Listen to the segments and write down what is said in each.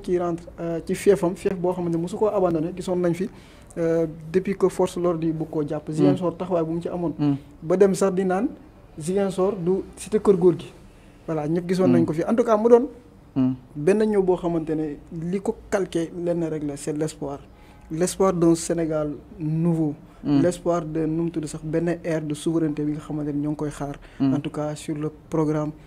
qui rentre euh, ci fiefam fief bo xamante mosu koo abandonné gisoon nañ fi euh, depuis que force l'ordre bu ko japp jàpp mm. Ziguinchor taxawaay bu mu ci amone mm. ba dem sax di naan Ziguinchor du cité kër gor gui voilà ñëpp gisoon nañ mm. ko fi en tout cas mu don ben ñëw bo xamante ne li ko calqué lenn rek la c'est l'espoir l'espoir d'un Sénégal nouveau l'espoir de nous mu tudd sax benn ère de souveraineté bi nga xamante ñong koy xaar en tout cas sur le programme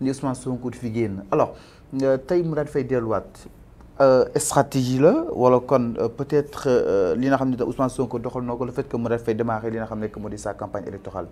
ni Ousmane Sonko fi génn alors euh, tey mu daal di fay delluwaat euh, stratégie la wala kon euh, peut-être li nga xam ne Ousmane Sonko doxal noo le fait que mu daal démarrer li nga xam que moo sa campagne électorale.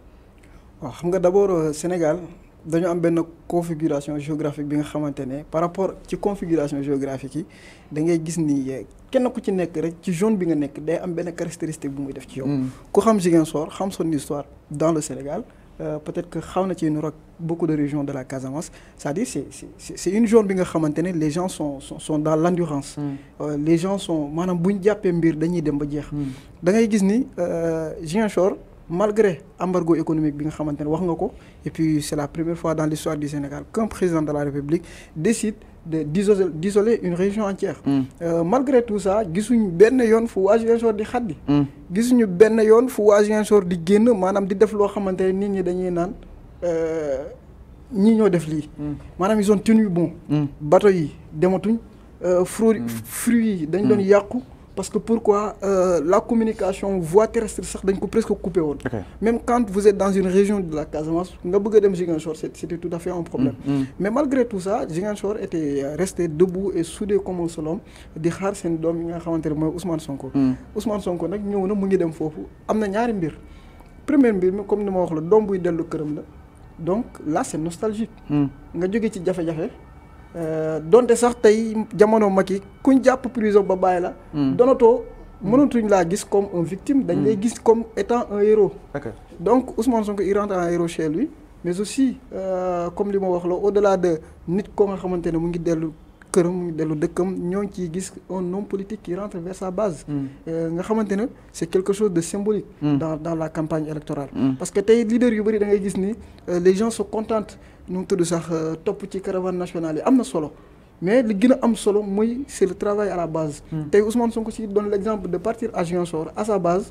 waaw xam nga d'abord Sénégal dañu am benn configuration géographique bi nga xamante ne par rapport ci configuration géographique yi da ngay gis ni kenn ku ci nekk rek ci zone bi nga nekk day am benn caractéristique bu muy def ci yow. Mm. ku xam Ziguinchor xam son histoire dans le Sénégal. Euh, peut-être que xawna ci niroog beaucoup de régions de la Casamance c'est-à-dire c'est c'est une zone bi nga xamantene les gens sont sont sont dans l'endurance mm. euh, les gens sont manam buñu jappé mbir dañuy dem ba jeex mm. da ngay gis ni euh, Ziguinchor malgré embargo économique bi nga xamante wax nga ko et puis c'est la première fois dans l'histoire du Sénégal qu'un président de la République décide de d'isoler une région entière mm. euh, malgré tout ça gisuñu benn yoon fu waa Ziguinchor di xaddi mm. gisuñu benn yoon fu waa Ziguinchor di génn maanaam di def loo xamante ne nit ñi dañuy naan euh, ñii ñoo def lii mm. maanaam ils ont tenu bon bateau yi dematuñ euh, fruit fruits yi dañ doon yàqu parce que pourquoi euh, la communication voie terrestre sax presque coupé même quand vous êtes dans une région de la Casamance nga dem c'était tout à fait un problème mm, mm. mais malgré tout ça Ziguinchor était resté debout et soudé comme un seul homme di xaar seen doom nga xamante Ousmane Sonko mm. Ousmane Sonko nak ñëw na mu ngi dem fofu amna ñaari mbir premier mbir comme ni ma wax la dom buy delu kërëm la donc là c'est nostalgique nga joggé ci jafé jafé euh, donte sax tay jamono maki kuñ japp prison ba bay la. Hmm. donato hmm. mënutuñ la gis comme un victime. dañ lay hmm. comme étant un héros. donc Ousmane Sonko il rentre héros chez lui mais aussi euh, comme li au delà de nit ko nga këram delu dellu dëkkam ñoo ngi ciy gis un homme politique qui rentre vers sa base. Mm. Euh, nga xamante ne quelque chose de symbolique. Mm. dans dans la campagne électorale. Mm. parce que tey leader yu bëri da ngay gis ni euh, les gens sont contentent ñu tudd sax euh, topp ci caravane nationale yi solo. mais li gën a am solo mooy c' le travail à la base. tey Ousmane Sonko si donne l'exemple de partir à Ziguinchor à sa base.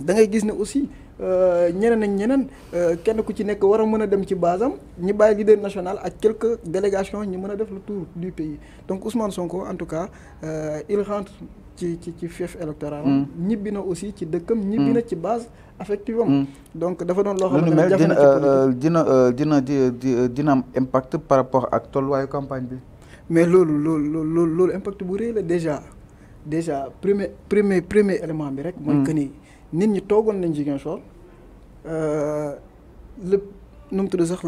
da ngay gis ne aussi. Euh, ñeneen ak ñeneen euh, kenn ku ci nekk war a mën a dem ci basam ñi bàyyi leader national ak quelques délégations ñi mën a def le tour du pays donc Ousmane Sonko en tout cas euh, il rentre ci ci ci fief électoral mm. ñibbi na aussi ci dëkkam ñibbi na mm. ci base effectivement. Mm. donc dafa doon loo xam ne jafe na dina dina dina dina impact par rapport ak tolluwaayu campagne bi mais loolu loolu loolu impact bu rëy déjà déjà premier premier premier élément bi rek mooy que ni nit ñi toogoon nañ euh, le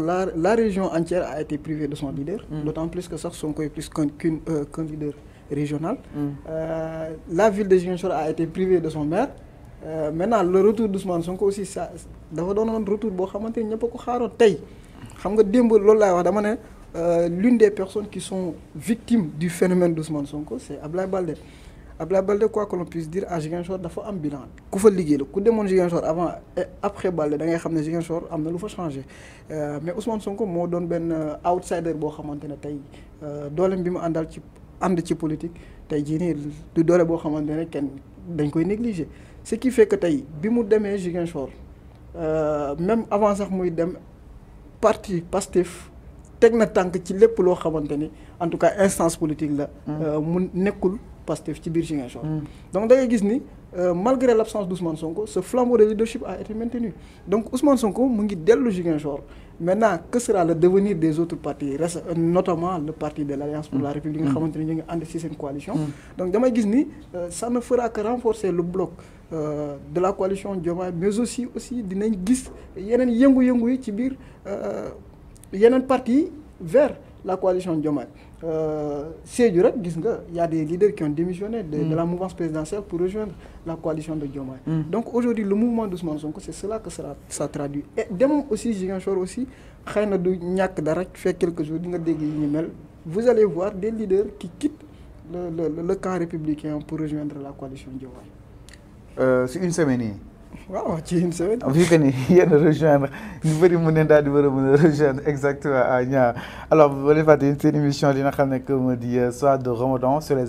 la la région entière a été privée de son leader. Mm. d'autant plus que sax Sonko est plus qu'un euh, qu'un leader régional. Mm. Euh, la ville de Ziguinchor a été privée de son maire. maintenant le retour d'Ousmane Sonko aussi ça dafa doonoon retour boo xamante ni ñëpp a ko xaaroon tey xam nga démb loolu laay wax l'une des personnes qui sont victimes du phénomène d'Ousmane Sonko c'est Ablaye Balde. Abdoulaye de quoi que l'on puisse dire à Ziguinchor dafa am bilan ku fa liggéey la ku demoon Ziguinchor avant et après Baldé da ngay xam ne Ziguinchor am na lu fa changé euh, mais Ousmane Sonko moo doon benn euh, outsider boo xamante ne tey euh, dooleem bi mu àndal ci ànd ci politique Tay jini du doole boo xamante ne kenn dañ koy négliger ce qui fait que tey bi mu demee Ziguinchor même avant sax muy dem parti Pastef teg na tànk ci lépp loo xamante ni en tout cas instance politique la hum. mu nekkul Mm. donc euh, malgré l'absence d'Ousmane Sonko ce flambeau de leadership a été maintenu donc Ousmane Sonko mu ngi dellu maintenant que sera le devenir des autres partis euh, notamment le parti de l'Alliance pour mm. la république qui mm. xamante en ñu de coalition. donc damay euh, ça ne fera que renforcer le bloc. de la coalition mais aussi aussi y a un parti vert la coalition Diomaye C'est euh, rek disons, il y a des leaders qui ont démissionné de, la mm. mouvance présidentielle pour rejoindre la coalition de Diomaye mm. donc aujourd'hui le mouvement d'Ousmane Sonko c'est cela que ça, traduit et demain aussi j'ai aussi fait quelques jours vous allez voir des leaders qui quittent le le camp républicain pour rejoindre la coalition de euh, c'est une semaine Wow, James. une semaine. rejoindre exactement alors vous voulez faire une émission euh, de Ramadan sur les.